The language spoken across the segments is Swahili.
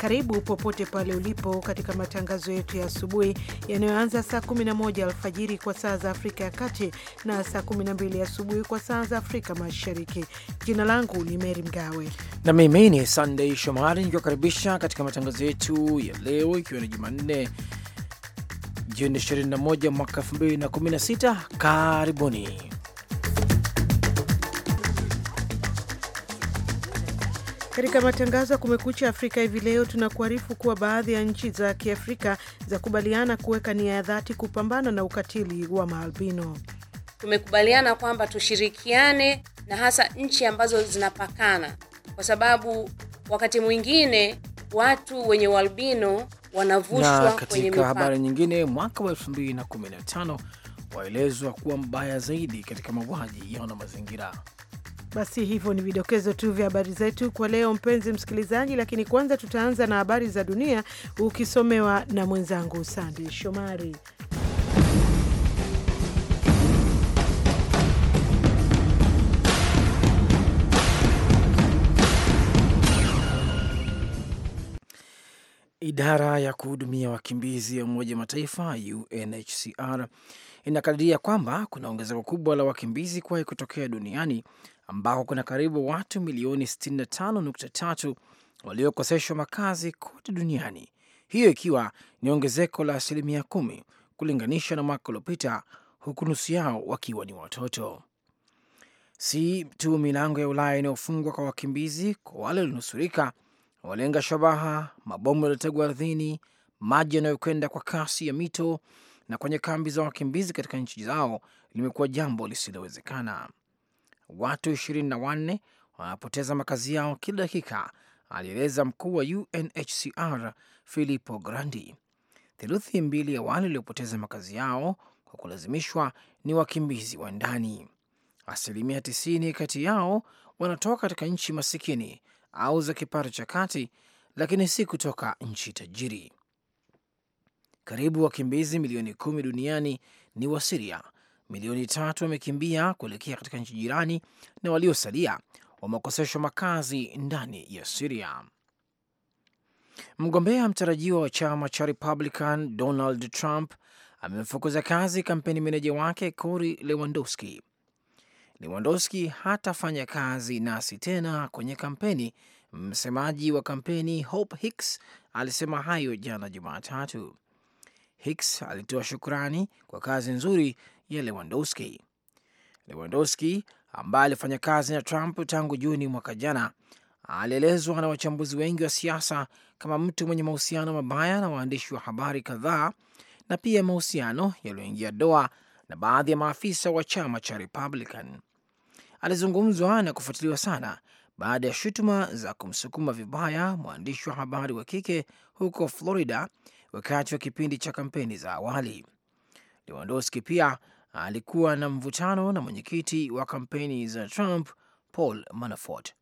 Karibu popote pale ulipo katika matangazo yetu ya asubuhi yanayoanza saa 11 alfajiri kwa saa za Afrika ya Kati na saa 12 asubuhi kwa saa za Afrika Mashariki. Jina langu ni Meri Mgawe na mimi ni sandey Shomari nikiwakaribisha katika matangazo yetu ya leo, ikiwa ni Jumanne Juni 21 mwaka 2016. Karibuni Katika matangazo ya Kumekucha Afrika hivi leo, tunakuarifu kuwa baadhi ya nchi za Kiafrika zakubaliana kuweka nia ya dhati kupambana na ukatili wa maalbino. Tumekubaliana kwamba tushirikiane na hasa nchi ambazo zinapakana, kwa sababu wakati mwingine watu wenye ualbino wanavushwa kwenye mipaka. Habari nyingine, mwaka wa 2015 waelezwa kuwa mbaya zaidi katika mauaji yao na mazingira. Basi hivyo ni vidokezo tu vya habari zetu kwa leo, mpenzi msikilizaji, lakini kwanza tutaanza na habari za dunia ukisomewa na mwenzangu Sande Shomari. Idara ya kuhudumia wakimbizi ya Umoja Mataifa UNHCR inakadiria kwamba kuna ongezeko kubwa la wakimbizi kuwahi kutokea duniani ambako kuna karibu watu milioni 65.3 waliokoseshwa makazi kote duniani, hiyo ikiwa ni ongezeko la asilimia kumi kulinganisha na mwaka uliopita, huku nusu yao wakiwa ni watoto. Si tu milango ya Ulaya inayofungwa kwa wakimbizi. Kwa wale walionusurika, walenga shabaha, mabomu yaliyotegwa ardhini, maji yanayokwenda kwa kasi ya mito na kwenye kambi za wakimbizi katika nchi zao limekuwa jambo lisilowezekana watu 24 wanapoteza makazi yao kila dakika, alieleza mkuu wa UNHCR Filippo Grandi. Theluthi mbili ya wale waliopoteza makazi yao kwa kulazimishwa ni wakimbizi wa ndani. Asilimia 90 kati yao wanatoka katika nchi masikini au za kipato cha kati, lakini si kutoka nchi tajiri. Karibu wakimbizi milioni kumi duniani ni Wasiria Milioni tatu wamekimbia kuelekea katika nchi jirani na waliosalia wamekoseshwa makazi ndani ya Siria. Mgombea mtarajiwa wa chama cha Republican Donald Trump amemfukuza kazi kampeni meneja wake Corey Lewandowski. Lewandowski hatafanya kazi nasi tena kwenye kampeni. Msemaji wa kampeni Hope Hicks alisema hayo jana Jumatatu. Hicks alitoa shukrani kwa kazi nzuri ya Lewandowski. Lewandowski ambaye alifanya kazi na Trump tangu Juni mwaka jana alielezwa na wachambuzi wengi wa siasa kama mtu mwenye mahusiano mabaya na waandishi wa habari kadhaa na pia mahusiano yaliyoingia doa na baadhi ya maafisa wa chama cha Republican. Alizungumzwa na kufuatiliwa sana baada ya shutuma za kumsukuma vibaya mwandishi wa habari wa kike huko Florida wakati wa kipindi cha kampeni za awali. Lewandowski pia alikuwa na mvutano na mwenyekiti wa kampeni za Trump Paul Manafort.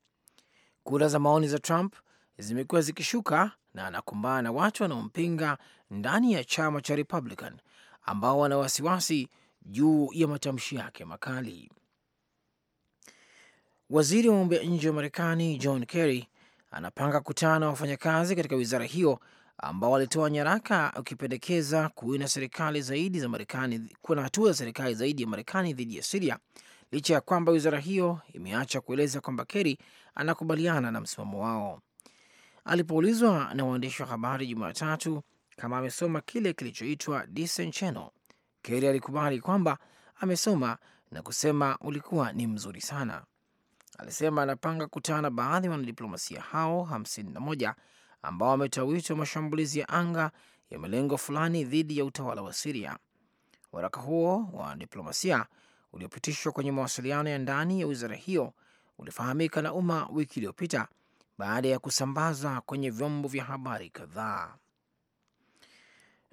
Kura za maoni za Trump zimekuwa zikishuka na anakumbana na watu wanaompinga ndani ya chama cha Republican ambao wana wasiwasi juu ya matamshi yake makali. Waziri wa mambo ya nje wa Marekani John Kerry anapanga kutana na wafanyakazi katika wizara hiyo ambao walitoa nyaraka ukipendekeza kuwe na serikali zaidi za Marekani, kuwa na hatua za serikali zaidi ya Marekani dhidi ya Siria, licha ya kwamba wizara hiyo imeacha kueleza kwamba Keri anakubaliana na msimamo wao. Alipoulizwa na waandishi wa habari Jumatatu kama amesoma kile kilichoitwa Dissent Keri alikubali kwamba amesoma na kusema ulikuwa ni mzuri sana. Alisema anapanga kutana baadhi ya wanadiplomasia hao moja ambao wametoa wito wa mashambulizi ya anga ya malengo fulani dhidi ya utawala wa Siria. Waraka huo wa diplomasia uliopitishwa kwenye mawasiliano ya ndani ya wizara hiyo ulifahamika na umma wiki iliyopita baada ya kusambazwa kwenye vyombo vya habari kadhaa.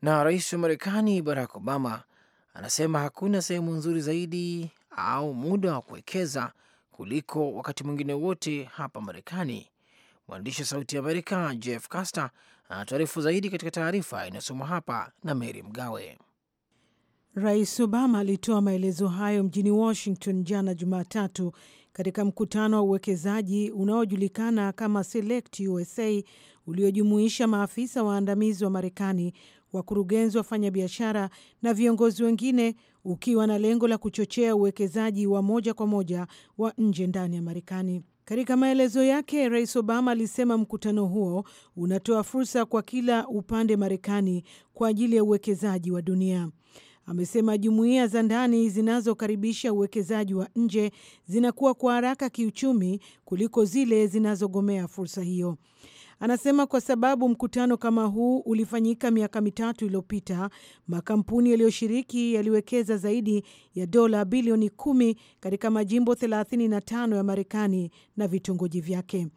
Na rais wa Marekani Barack Obama anasema hakuna sehemu nzuri zaidi au muda wa kuwekeza kuliko wakati mwingine wote hapa Marekani Mwandishi wa Sauti ya Amerika Jeff Caster anatuarifu zaidi katika taarifa inayosomwa hapa na Mary Mgawe. Rais Obama alitoa maelezo hayo mjini Washington jana Jumatatu katika mkutano wa uwekezaji unaojulikana kama Select USA uliojumuisha maafisa waandamizi wa Marekani, wakurugenzi, wafanyabiashara na viongozi wengine, ukiwa na lengo la kuchochea uwekezaji wa moja kwa moja wa nje ndani ya Marekani. Katika maelezo yake, Rais Obama alisema mkutano huo unatoa fursa kwa kila upande Marekani kwa ajili ya uwekezaji wa dunia. Amesema jumuiya za ndani zinazokaribisha uwekezaji wa nje zinakuwa kwa haraka kiuchumi kuliko zile zinazogomea fursa hiyo. Anasema kwa sababu mkutano kama huu ulifanyika miaka mitatu iliyopita, makampuni yaliyoshiriki yaliwekeza zaidi ya dola bilioni kumi katika majimbo 35 ya Marekani na vitongoji vyake.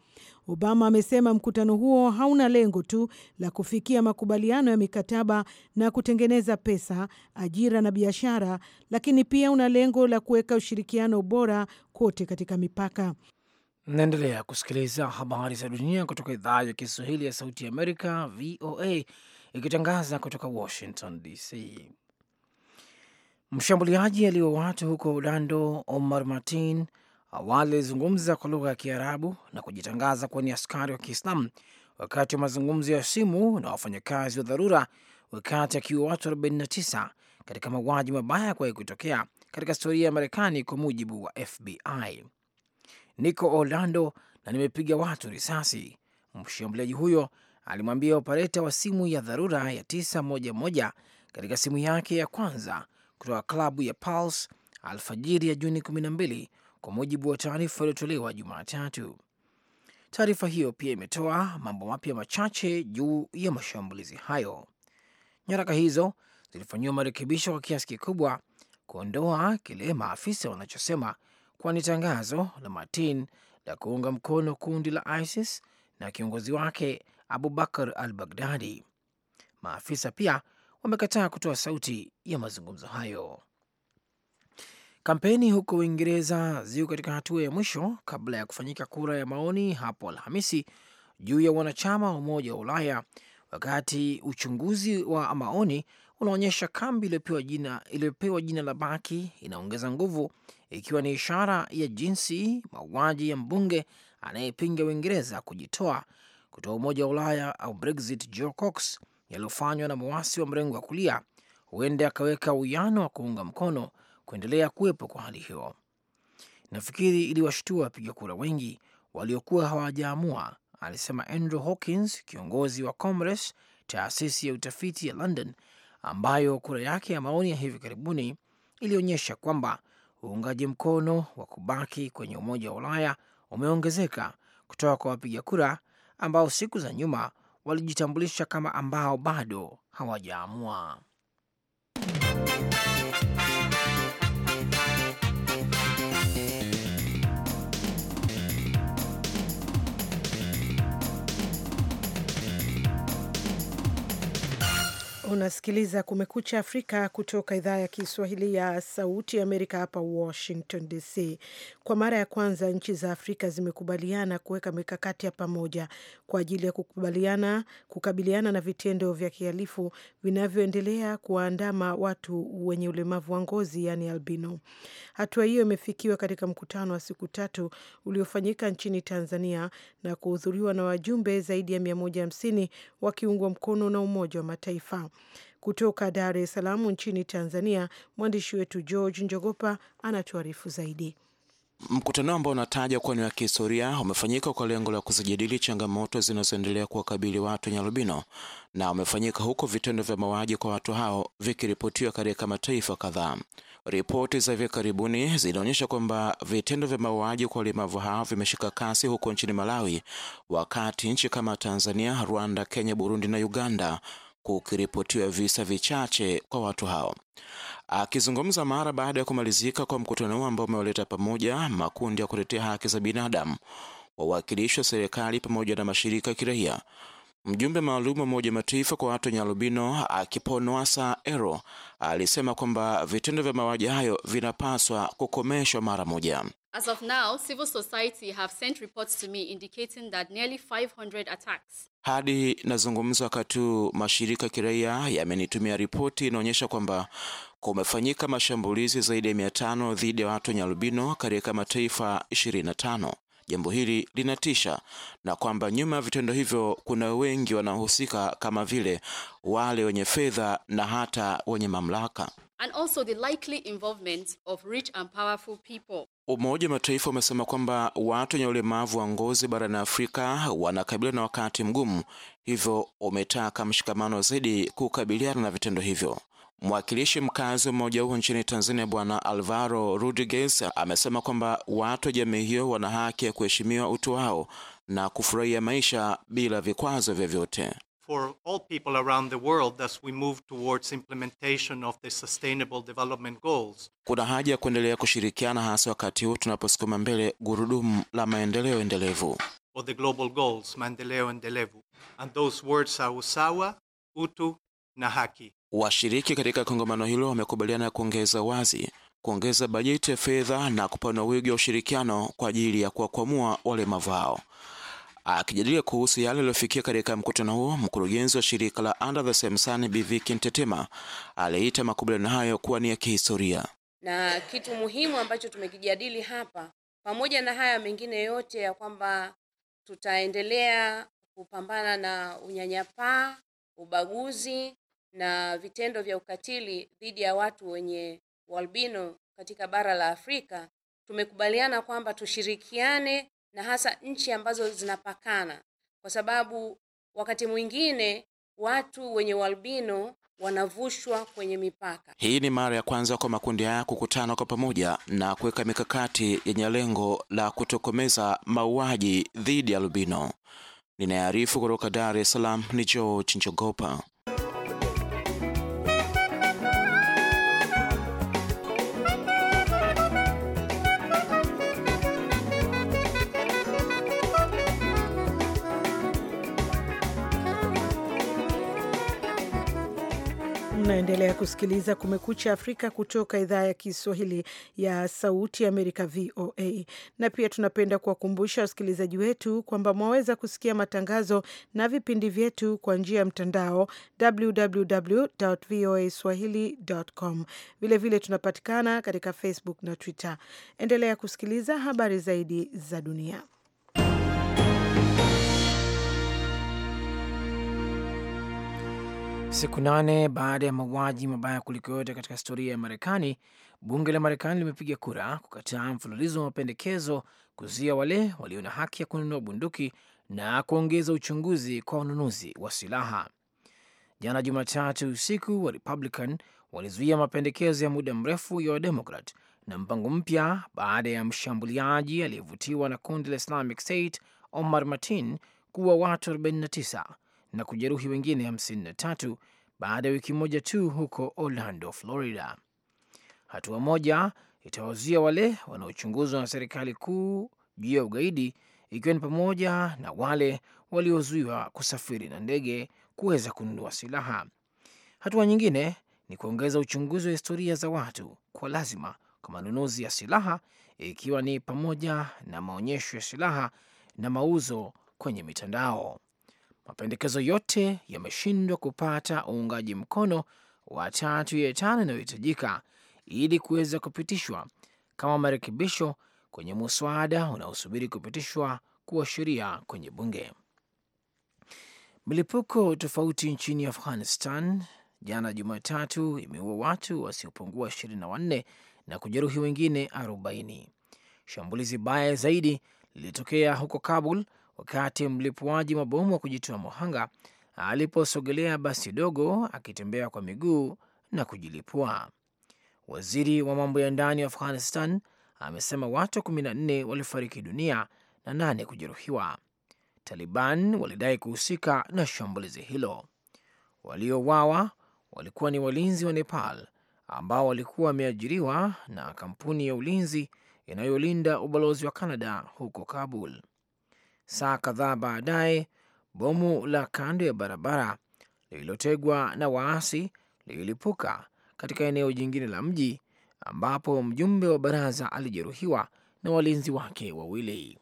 Obama amesema mkutano huo hauna lengo tu la kufikia makubaliano ya mikataba na kutengeneza pesa, ajira na biashara, lakini pia una lengo la kuweka ushirikiano bora kote katika mipaka naendelea kusikiliza habari za dunia kutoka idhaa ya Kiswahili ya Sauti ya Amerika, VOA, ikitangaza kutoka Washington DC. Mshambuliaji aliwa watu huko Orlando, Omar Martin, awali alizungumza kwa lugha ya Kiarabu na kujitangaza kuwa ni askari wa Kiislamu wakati wa mazungumzo ya simu na wafanyakazi wa dharura, wakati akiwa watu 49 katika mauaji mabaya kuwahi kutokea katika historia ya Marekani, kwa mujibu wa FBI niko Orlando na nimepiga watu risasi. Mshambuliaji huyo alimwambia opereta wa simu ya dharura ya 911 katika simu yake ya kwanza kutoka klabu ya Pulse alfajiri ya Juni 12 kwa mujibu wa taarifa iliyotolewa Jumatatu. Taarifa hiyo pia imetoa mambo mapya machache juu ya mashambulizi hayo. Nyaraka hizo zilifanyiwa marekebisho kwa kiasi kikubwa kuondoa kile maafisa wanachosema kwani tangazo la Martin la kuunga mkono kundi la ISIS na kiongozi wake Abubakar al Baghdadi. Maafisa pia wamekataa kutoa sauti ya mazungumzo hayo. Kampeni huko Uingereza ziko katika hatua ya mwisho kabla ya kufanyika kura ya maoni hapo Alhamisi juu ya wanachama wa Umoja wa Ulaya, wakati uchunguzi wa maoni unaonyesha kambi iliyopewa jina la Baki inaongeza nguvu ikiwa ni ishara ya jinsi mauaji ya mbunge anayepinga Uingereza kujitoa kutoka Umoja wa Ulaya au Brexit, Joe Cox, yaliyofanywa na mwasi wa mrengo wa kulia huenda akaweka uwiano wa kuunga mkono kuendelea kuwepo kwa hali hiyo. Nafikiri iliwashtua wapiga kura wengi waliokuwa hawajaamua, alisema Andrew Hawkins, kiongozi wa Comres, taasisi ya utafiti ya London, ambayo kura yake ya maoni ya hivi karibuni ilionyesha kwamba uungaji mkono wa kubaki kwenye Umoja wa Ulaya umeongezeka kutoka kwa wapiga kura ambao siku za nyuma walijitambulisha kama ambao bado hawajaamua. Unasikiliza Kumekucha Afrika kutoka idhaa ya Kiswahili ya Sauti ya Amerika, hapa Washington DC. Kwa mara ya kwanza nchi za Afrika zimekubaliana kuweka mikakati ya pamoja kwa ajili ya kukubaliana kukabiliana na vitendo vya kihalifu vinavyoendelea kuwaandama watu wenye ulemavu wa ngozi, yani albino. Hatua hiyo imefikiwa katika mkutano wa siku tatu uliofanyika nchini Tanzania na kuhudhuriwa na wajumbe zaidi ya 150 wakiungwa mkono na Umoja wa Mataifa. Kutoka Dar es Salaam nchini Tanzania, mwandishi wetu George Njogopa anatuarifu zaidi. Mkutano ambao unatajwa kuwa ni wa kihistoria umefanyika kwa lengo la kuzijadili changamoto zinazoendelea kuwakabili watu wenye albino na umefanyika huko vitendo vya mauaji kwa watu hao vikiripotiwa katika mataifa kadhaa. Ripoti za hivi karibuni zinaonyesha kwamba vitendo vya mauaji kwa walemavu hao vimeshika kasi huko nchini Malawi, wakati nchi kama Tanzania, Rwanda, Kenya, Burundi na Uganda kukiripotiwa visa vichache kwa watu hao. Akizungumza mara baada ya kumalizika kwa mkutano huo ambao umewaleta pamoja makundi ya kutetea haki za binadamu, wawakilishi wa serikali pamoja na mashirika ya kiraia, mjumbe maalum wa Umoja Mataifa kwa watu wenye albino Akiponoasa Ero alisema kwamba vitendo vya mauaji hayo vinapaswa kukomeshwa mara moja. As of now, civil society have sent reports to me indicating that nearly 500 attacks. Hadi nazungumza wakati huu, mashirika kiraia yamenitumia ripoti inaonyesha kwamba kumefanyika mashambulizi zaidi ya mia tano dhidi ya watu wenye albino katika mataifa 25. Jambo hili linatisha na kwamba nyuma ya vitendo hivyo kuna wengi wanaohusika kama vile wale wenye fedha na hata wenye mamlaka. And also the likely involvement of rich and powerful people. Umoja wa Mataifa umesema kwamba watu wenye ulemavu wa ngozi barani Afrika wanakabiliwa na wakati mgumu, hivyo umetaka mshikamano zaidi kukabiliana na vitendo hivyo. Mwakilishi mkazi wa umoja huo nchini Tanzania, Bwana Alvaro Rodriguez amesema kwamba watu wa jamii hiyo wana haki ya kuheshimiwa utu wao na kufurahia maisha bila vikwazo vyovyote for all people around the world as we move towards implementation of the sustainable development goals. Kuna haja ya kuendelea kushirikiana hasa wakati huu tunaposukuma mbele gurudumu la maendeleo endelevu. For the global goals, maendeleo endelevu. And those words are usawa, utu na haki. Washiriki katika kongamano hilo wamekubaliana ya kuongeza wazi, kuongeza bajeti ya fedha na kupanua wigo wa ushirikiano kwa ajili ya kuwakwamua walemavu hao. Akijadili kuhusu yale yaliyofikia katika mkutano huo, mkurugenzi wa shirika la Under the Same Sun BV Kintetema aliita makubaliano hayo kuwa ni ya kihistoria. Na kitu muhimu ambacho tumekijadili hapa, pamoja na haya mengine yote, ya kwamba tutaendelea kupambana na unyanyapaa, ubaguzi na vitendo vya ukatili dhidi ya watu wenye ualbino katika bara la Afrika. Tumekubaliana kwamba tushirikiane na hasa nchi ambazo zinapakana, kwa sababu wakati mwingine watu wenye ualbino wanavushwa kwenye mipaka. Hii ni mara ya kwanza kwa makundi haya kukutana kwa pamoja na kuweka mikakati yenye lengo la kutokomeza mauaji dhidi ya albino. Ninayearifu kutoka Dar es Salaam ni George Njogopa. Unaendelea kusikiliza Kumekucha Afrika kutoka idhaa ya Kiswahili ya Sauti Amerika, VOA. Na pia tunapenda kuwakumbusha wasikilizaji wetu kwamba mwaweza kusikia matangazo na vipindi vyetu kwa njia ya mtandao www voa swahili.com. Vilevile tunapatikana katika Facebook na Twitter. Endelea kusikiliza habari zaidi za dunia. Siku nane baada ya mauaji mabaya kuliko yote katika historia ya Marekani, bunge la Marekani limepiga kura kukataa mfululizo wa mapendekezo kuzuia wale walio na haki ya kununua bunduki na kuongeza uchunguzi kwa ununuzi wa silaha. Jana Jumatatu usiku wa Republican walizuia mapendekezo ya muda mrefu ya Wademokrat na mpango mpya baada ya mshambuliaji aliyevutiwa na kundi la Islamic State Omar Martin kuwa watu 49 na kujeruhi wengine 53 baada ya wiki moja tu huko Orlando, Florida. Hatua moja itawazuia wale wanaochunguzwa na serikali kuu juu ya ugaidi, ikiwa ni pamoja na wale waliozuiwa kusafiri na ndege kuweza kununua silaha. Hatua nyingine ni kuongeza uchunguzi wa historia za watu kwa lazima kwa manunuzi ya silaha, ikiwa ni pamoja na maonyesho ya silaha na mauzo kwenye mitandao mapendekezo yote yameshindwa kupata uungaji mkono wa tatu ya tano inayohitajika ili kuweza kupitishwa kama marekebisho kwenye muswada unaosubiri kupitishwa kuwa sheria kwenye bunge. Milipuko tofauti nchini Afghanistan jana Jumatatu imeua watu wasiopungua 24 na kujeruhi wengine arobaini Shambulizi baya zaidi lilitokea huko Kabul wakati mlipuaji mabomu wa kujitoa muhanga aliposogelea basi dogo akitembea kwa miguu na kujilipua. Waziri wa mambo ya ndani wa Afghanistan amesema watu kumi na nne walifariki dunia na nane kujeruhiwa. Taliban walidai kuhusika na shambulizi hilo. Waliowawa walikuwa ni walinzi wa Nepal ambao walikuwa wameajiriwa na kampuni ya ulinzi inayolinda ubalozi wa Kanada huko Kabul. Saa kadhaa baadaye, bomu la kando ya barabara lililotegwa na waasi lililipuka katika eneo jingine la mji, ambapo mjumbe wa baraza alijeruhiwa na walinzi wake wawili.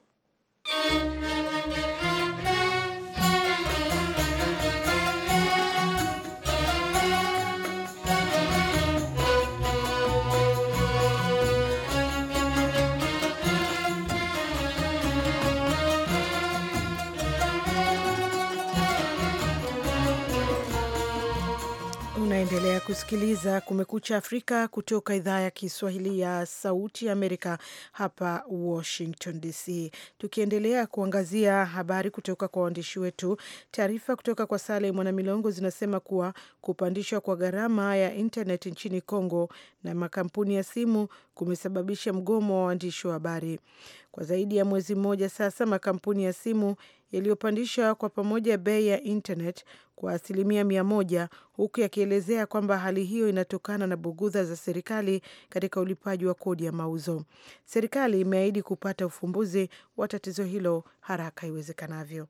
kusikiliza Kumekucha Afrika kutoka idhaa ya Kiswahili ya Sauti ya Amerika hapa Washington DC, tukiendelea kuangazia habari kutoka kwa waandishi wetu. Taarifa kutoka kwa Sale Mwanamilongo zinasema kuwa kupandishwa kwa gharama ya internet nchini congo na makampuni ya simu kumesababisha mgomo wa waandishi wa habari. Kwa zaidi ya mwezi mmoja sasa, makampuni ya simu yaliyopandisha kwa pamoja bei ya internet kwa asilimia mia moja, huku yakielezea kwamba hali hiyo inatokana na bugudha za serikali katika ulipaji wa kodi ya mauzo. Serikali imeahidi kupata ufumbuzi wa tatizo hilo haraka iwezekanavyo.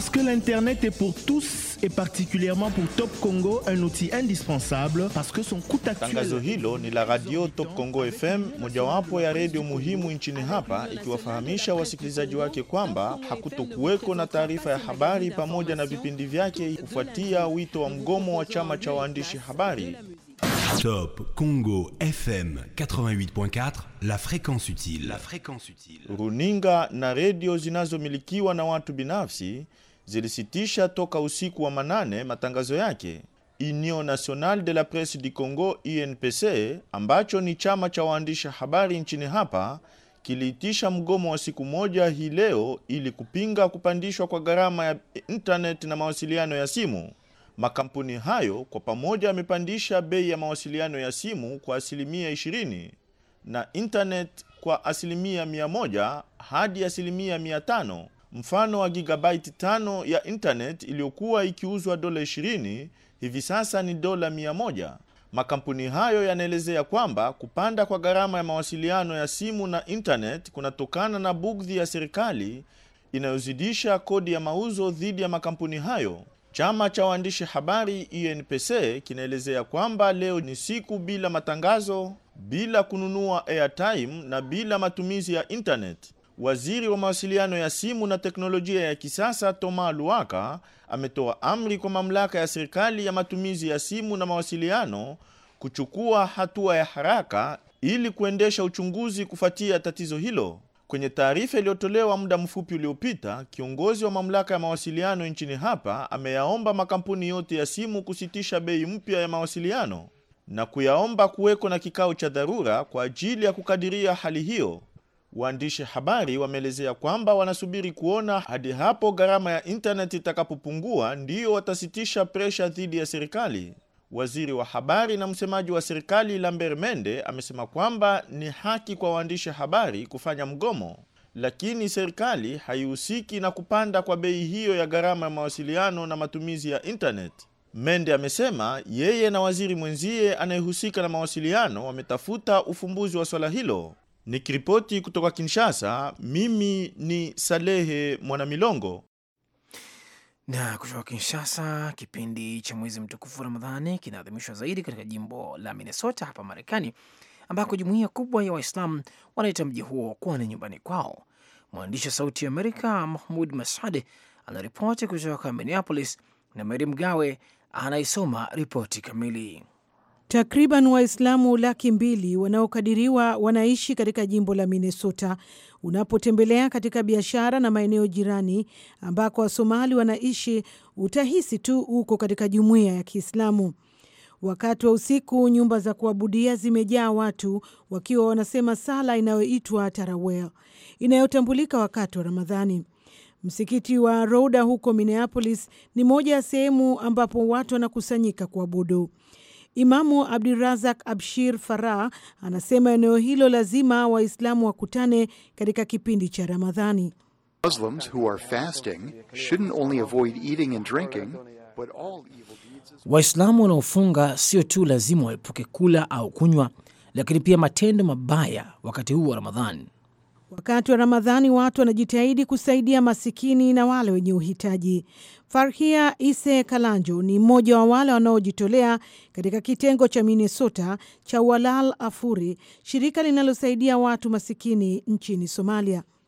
Parce que l'Internet est pour tous et particulièrement pour Top Congo un outil indispensable parce que son coût actuel. Tangazo hilo ni la radio Top Congo FM, mojawapo ya redio muhimu nchini hapa, ikiwafahamisha wasikilizaji wake kwamba hakutokuweko na taarifa ya habari pamoja na vipindi vyake kufuatia wito wa mgomo wa chama cha waandishi habari. Top Congo FM 88.4 la fréquence utile. La fréquence utile. Runinga na redio zinazomilikiwa na watu binafsi zilisitisha toka usiku wa manane matangazo yake. Union National de la Presse du Congo UNPC, ambacho ni chama cha waandishi habari nchini hapa, kiliitisha mgomo wa siku moja hii leo ili kupinga kupandishwa kwa gharama ya internet na mawasiliano ya simu. Makampuni hayo kwa pamoja yamepandisha bei ya mawasiliano ya simu kwa asilimia 20 na internet kwa asilimia 100 hadi asilimia 500 mfano wa gigabaiti tano ya intanet iliyokuwa ikiuzwa dola 20 hivi sasa ni dola 100. Makampuni hayo yanaelezea kwamba kupanda kwa gharama ya mawasiliano ya simu na internet kunatokana na bugdhi ya serikali inayozidisha kodi ya mauzo dhidi ya makampuni hayo. Chama cha waandishi habari UNPC e kinaelezea kwamba leo ni siku bila matangazo, bila kununua airtime na bila matumizi ya internet. Waziri wa mawasiliano ya simu na teknolojia ya kisasa Toma Luaka ametoa amri kwa mamlaka ya serikali ya matumizi ya simu na mawasiliano kuchukua hatua ya haraka ili kuendesha uchunguzi kufuatia tatizo hilo. Kwenye taarifa iliyotolewa muda mfupi uliopita, kiongozi wa mamlaka ya mawasiliano nchini hapa ameyaomba makampuni yote ya simu kusitisha bei mpya ya mawasiliano na kuyaomba kuweko na kikao cha dharura kwa ajili ya kukadiria hali hiyo. Waandishi habari wameelezea kwamba wanasubiri kuona hadi hapo gharama ya intaneti itakapopungua ndiyo watasitisha presha dhidi ya serikali. Waziri wa habari na msemaji wa serikali Lambert Mende amesema kwamba ni haki kwa waandishi habari kufanya mgomo, lakini serikali haihusiki na kupanda kwa bei hiyo ya gharama ya mawasiliano na matumizi ya intaneti. Mende amesema yeye na waziri mwenzie anayehusika na mawasiliano wametafuta ufumbuzi wa swala hilo. Nikiripoti kutoka Kinshasa, mimi ni Salehe Mwanamilongo. Na kutoka Kinshasa, kipindi cha mwezi mtukufu Ramadhani kinaadhimishwa zaidi katika jimbo la Minnesota hapa Marekani, ambako jumuiya kubwa ya Waislamu wanaita mji huo kuwa ni nyumbani kwao. Mwandishi wa Sauti ya Amerika Mahmud Masade anaripoti kutoka Minneapolis na Meri Mgawe anaisoma ripoti kamili. Takriban Waislamu laki mbili wanaokadiriwa wanaishi katika jimbo la Minnesota. Unapotembelea katika biashara na maeneo jirani ambako Wasomali wanaishi, utahisi tu uko katika jumuiya ya Kiislamu. Wakati wa usiku, nyumba za kuabudia zimejaa watu wakiwa wanasema sala inayoitwa tarawel inayotambulika wakati wa Ramadhani. Msikiti wa roda huko Minneapolis ni moja ya sehemu ambapo watu wanakusanyika kuabudu. Imamu Abdurazak Abshir Farah anasema eneo hilo lazima Waislamu wakutane katika kipindi cha Ramadhani. Muslims who are fasting shouldn't only avoid eating and drinking but all evil deeds. Waislamu wanaofunga sio tu lazima waepuke kula au kunywa, lakini pia matendo mabaya wakati huu wa Ramadhani. Wakati wa Ramadhani watu wanajitahidi kusaidia masikini na wale wenye uhitaji. Farhia Ise kalanjo ni mmoja wa wale wanaojitolea katika kitengo cha Minnesota cha Walal Afuri, shirika linalosaidia watu masikini nchini Somalia.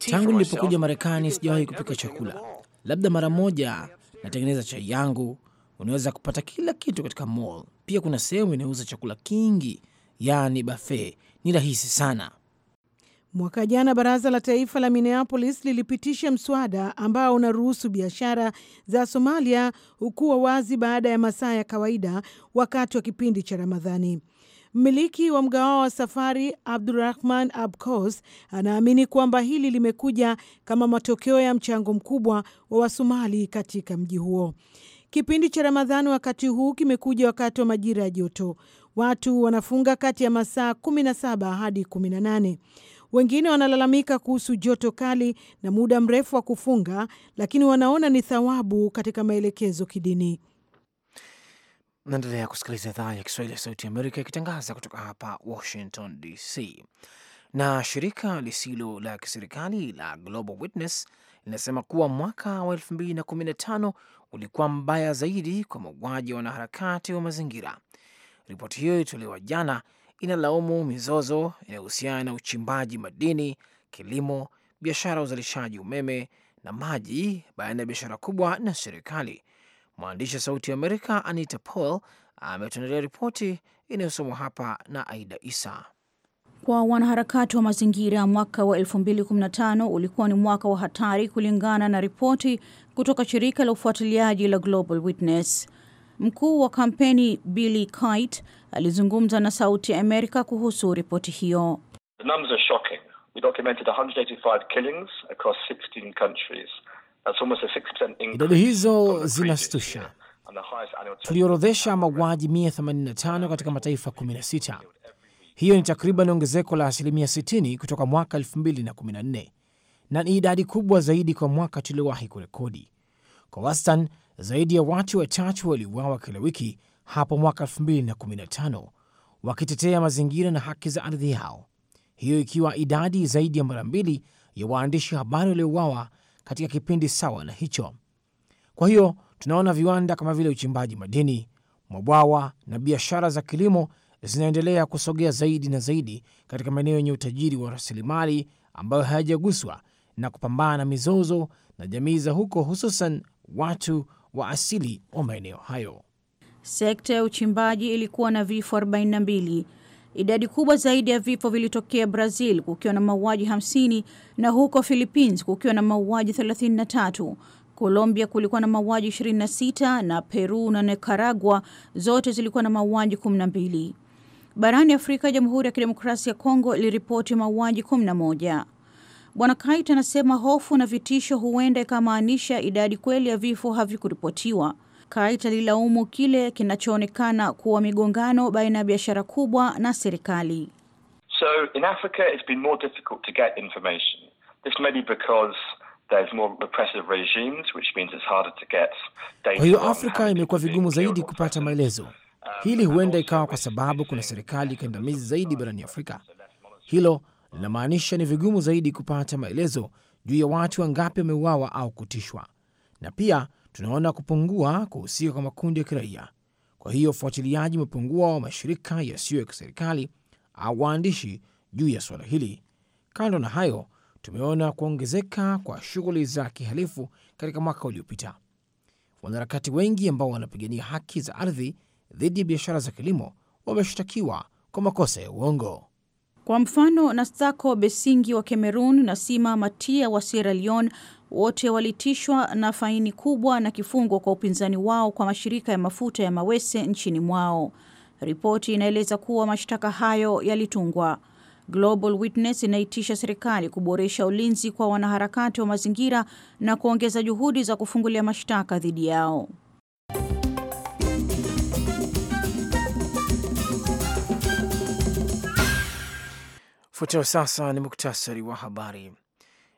Tangu nilipokuja Marekani sijawahi kupika chakula, labda mara moja. Natengeneza chai yangu. Unaweza kupata kila kitu katika mall. Pia kuna sehemu inayouza chakula kingi, yaani buffet. Ni rahisi sana. Mwaka jana baraza la taifa la Minneapolis lilipitisha mswada ambao unaruhusu biashara za Somalia hukuwa wazi baada ya masaa ya kawaida wakati wa kipindi cha Ramadhani. Mmiliki wa mgahawa wa safari Abdurahman Abkos anaamini kwamba hili limekuja kama matokeo ya mchango mkubwa wa Wasomali katika mji huo. Kipindi cha Ramadhani wakati huu kimekuja wakati wa majira ya joto. Watu wanafunga kati ya masaa 17 hadi 18. Wengine wanalalamika kuhusu joto kali na muda mrefu wa kufunga, lakini wanaona ni thawabu katika maelekezo kidini. Unaendelea kusikiliza idhaa ya Kiswahili ya Sauti Amerika ikitangaza kutoka hapa Washington DC. Na shirika lisilo la kiserikali la Global Witness linasema kuwa mwaka wa 2015 ulikuwa mbaya zaidi kwa mauaji ya wanaharakati wa mazingira. Ripoti hiyo ilitolewa jana, inalaumu mizozo inayohusiana na uchimbaji madini, kilimo, biashara ya uzalishaji umeme na maji baina ya biashara kubwa na serikali Mwandishi wa Sauti ya Amerika Anita Paul ametuandalia ripoti inayosomwa hapa na Aida Isa. Kwa wanaharakati wa mazingira, mwaka wa 2015 ulikuwa ni mwaka wa hatari kulingana na ripoti kutoka shirika la ufuatiliaji la Global Witness. Mkuu wa kampeni Billy Kite alizungumza na Sauti ya Amerika kuhusu ripoti hiyo. The numbers are shocking. We documented 185 killings across 16 countries. Idadi hizo zinastusha. Tuliorodhesha mauaji 185 katika mataifa 16. Hiyo ni takriban ongezeko la asilimia 60 kutoka mwaka 2014 na ni idadi kubwa zaidi kwa mwaka tuliowahi kurekodi. Kwa wastani, zaidi ya watu watatu waliuawa kila wiki hapo mwaka 2015 wakitetea mazingira na haki za ardhi yao, hiyo ikiwa idadi zaidi ya mara mbili ya waandishi habari waliouawa katika kipindi sawa na hicho. Kwa hiyo tunaona viwanda kama vile uchimbaji madini, mabwawa na biashara za kilimo zinaendelea kusogea zaidi na zaidi katika maeneo yenye utajiri wa rasilimali ambayo hayajaguswa na kupambana na mizozo na jamii za huko, hususan watu wa asili wa maeneo hayo. Sekta ya uchimbaji ilikuwa na vifo 42 Idadi kubwa zaidi ya vifo vilitokea Brazil kukiwa na mauaji hamsini na huko Philippines kukiwa na mauaji 33. Colombia kulikuwa na mauaji 26 na Peru na Nicaragua zote zilikuwa na mauaji 12. Barani Afrika, Jamhuri ya Kidemokrasia ya Kongo iliripoti mauaji 11. Bwana Kait anasema hofu na vitisho huenda ikamaanisha idadi kweli ya vifo havikuripotiwa kait alilaumu kile kinachoonekana kuwa migongano baina ya biashara kubwa na serikali. So in Africa it's been more difficult to get information. This may be because kwa hiyo Afrika imekuwa vigumu zaidi kupata maelezo. Hili huenda ikawa kwa sababu kuna serikali kandamizi zaidi barani Afrika. Hilo linamaanisha ni vigumu zaidi kupata maelezo juu ya watu wangapi wameuawa au kutishwa, na pia tunaona kupungua kuhusika kwa makundi ya kiraia. Kwa hiyo ufuatiliaji umepungua wa mashirika yasiyo ya kiserikali au waandishi juu ya suala hili. Kando na hayo, tumeona kuongezeka kwa shughuli za kihalifu katika mwaka uliopita. Wanaharakati wengi ambao wanapigania haki za ardhi dhidi ya biashara za kilimo wameshtakiwa kwa makosa ya uongo. Kwa mfano, Nastako Besingi wa Cameroon na Sima Matia wa Sierra Leone wote walitishwa na faini kubwa na kifungo kwa upinzani wao kwa mashirika ya mafuta ya mawese nchini mwao. Ripoti inaeleza kuwa mashtaka hayo yalitungwa. Global Witness inaitisha serikali kuboresha ulinzi kwa wanaharakati wa mazingira na kuongeza juhudi za kufungulia mashtaka dhidi yao. Fuatao sasa ni muktasari wa habari.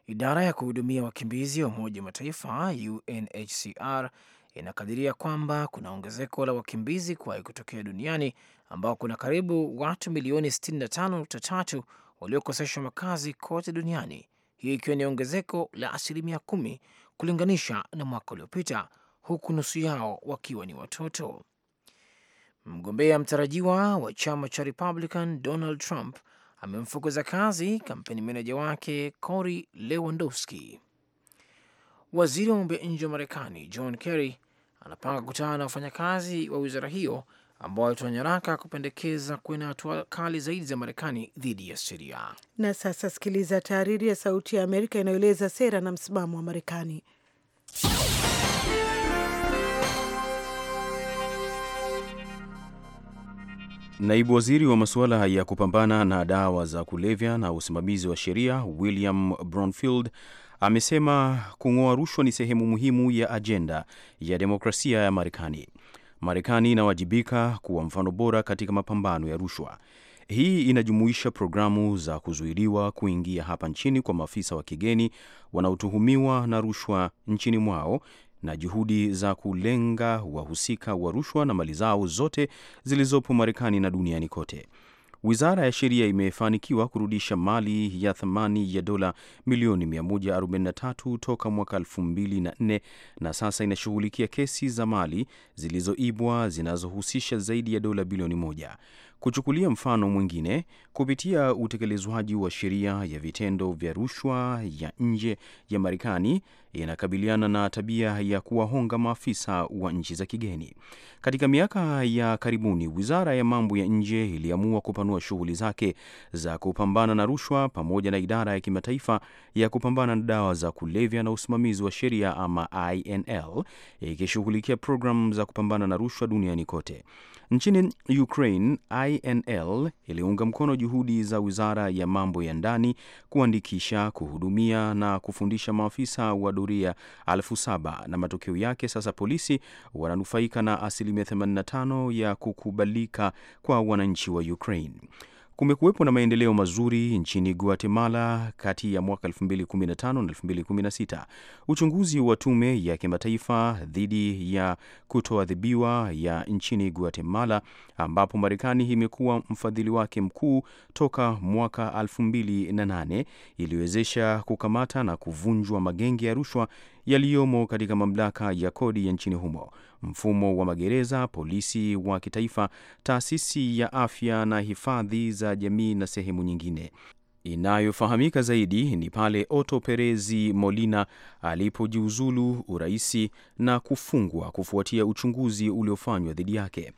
Idara ya kuhudumia wakimbizi wa Umoja wa Mataifa, UNHCR, inakadiria kwamba kuna ongezeko la wakimbizi kuwahi kutokea duniani ambao kuna karibu watu milioni 65.3 waliokoseshwa makazi kote duniani, hii ikiwa ni ongezeko la asilimia kumi kulinganisha na mwaka uliopita, huku nusu yao wakiwa ni watoto. Mgombea mtarajiwa wa chama cha Republican Donald Trump amemfukuza kazi kampeni meneja wake Cory Lewandowski. Waziri wa mambo ya nje wa Marekani John Kerry anapanga kukutana na wafanyakazi wa wizara hiyo ambao walitoa nyaraka kupendekeza kuwe na hatua kali zaidi za Marekani dhidi ya Siria. Na sasa sikiliza tahariri ya Sauti ya Amerika inayoeleza sera na msimamo wa Marekani. Naibu waziri wa masuala ya kupambana na dawa za kulevya na usimamizi wa sheria William bronfield amesema kung'oa rushwa ni sehemu muhimu ya ajenda ya demokrasia ya Marekani. Marekani inawajibika kuwa mfano bora katika mapambano ya rushwa. Hii inajumuisha programu za kuzuiliwa kuingia hapa nchini kwa maafisa wa kigeni wanaotuhumiwa na rushwa nchini mwao na juhudi za kulenga wahusika wa rushwa na mali zao zote zilizopo Marekani na duniani kote. Wizara ya Sheria imefanikiwa kurudisha mali ya thamani ya dola milioni 143 toka mwaka 2004 na sasa inashughulikia kesi za mali zilizoibwa zinazohusisha zaidi ya dola bilioni moja. Kuchukulia mfano mwingine, kupitia utekelezwaji wa sheria ya vitendo vya rushwa ya nje ya Marekani inakabiliana na tabia ya kuwahonga maafisa wa nchi za kigeni. Katika miaka ya karibuni, wizara ya mambo ya nje iliamua kupanua shughuli zake za kupambana na rushwa pamoja na idara ya kimataifa ya kupambana na dawa za kulevya na usimamizi wa sheria ama INL, ikishughulikia programu za kupambana na rushwa duniani kote. Nchini Ukraine, INL iliunga mkono juhudi za wizara ya mambo ya ndani kuandikisha, kuhudumia na kufundisha maafisa wa doria elfu saba na matokeo yake sasa polisi wananufaika na asilimia 85 ya kukubalika kwa wananchi wa Ukraine. Kumekuwepo na maendeleo mazuri nchini Guatemala kati ya mwaka 2015 na 2016. Uchunguzi wa tume ya kimataifa dhidi ya kutoadhibiwa ya nchini Guatemala, ambapo Marekani imekuwa mfadhili wake mkuu toka mwaka 2008, iliwezesha kukamata na kuvunjwa magenge ya rushwa yaliyomo katika mamlaka ya kodi ya nchini humo mfumo wa magereza, polisi wa kitaifa, taasisi ya afya na hifadhi za jamii na sehemu nyingine. Inayofahamika zaidi ni pale Otto Perezi Molina alipojiuzulu uraisi na kufungwa kufuatia uchunguzi uliofanywa dhidi yake.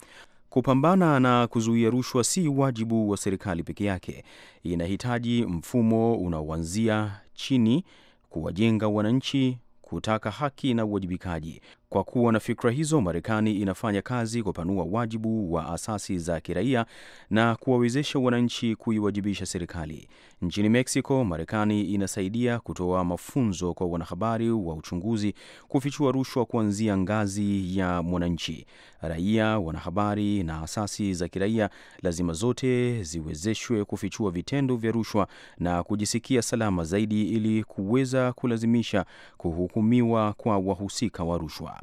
Kupambana na kuzuia rushwa si wajibu wa serikali peke yake, inahitaji mfumo unaoanzia chini, kuwajenga wananchi, kutaka haki na uwajibikaji. Kwa kuwa na fikra hizo, Marekani inafanya kazi kupanua wajibu wa asasi za kiraia na kuwawezesha wananchi kuiwajibisha serikali. Nchini Mexico, Marekani inasaidia kutoa mafunzo kwa wanahabari wa uchunguzi, kufichua rushwa kuanzia ngazi ya mwananchi raia, wanahabari na asasi za kiraia lazima zote ziwezeshwe kufichua vitendo vya rushwa na kujisikia salama zaidi ili kuweza kulazimisha kuhukumiwa kwa wahusika wa rushwa.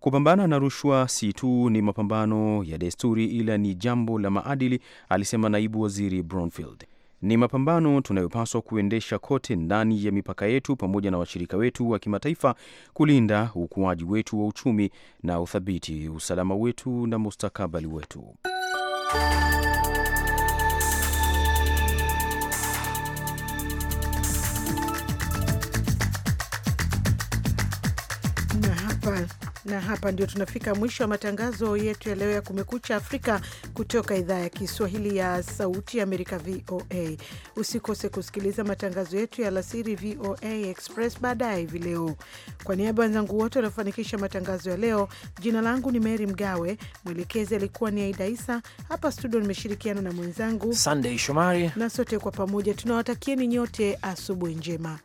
Kupambana na rushwa si tu ni mapambano ya desturi, ila ni jambo la maadili, alisema naibu waziri bronfield ni mapambano tunayopaswa kuendesha kote ndani ya mipaka yetu pamoja na washirika wetu wa kimataifa kulinda ukuaji wetu wa uchumi na uthabiti, usalama wetu na mustakabali wetu. Na hapa ndio tunafika mwisho wa matangazo yetu ya leo ya Kumekucha Afrika kutoka idhaa ya Kiswahili ya Sauti Amerika, VOA. Usikose kusikiliza matangazo yetu ya alasiri, VOA Express, baadaye hivi leo. Kwa niaba ya wenzangu wote waliofanikisha matangazo ya leo, jina langu ni Mary Mgawe, mwelekezi alikuwa ni Aida Isa. Hapa studio nimeshirikiana na mwenzangu sandey Shomari, na sote kwa pamoja tunawatakieni nyote asubuhi njema.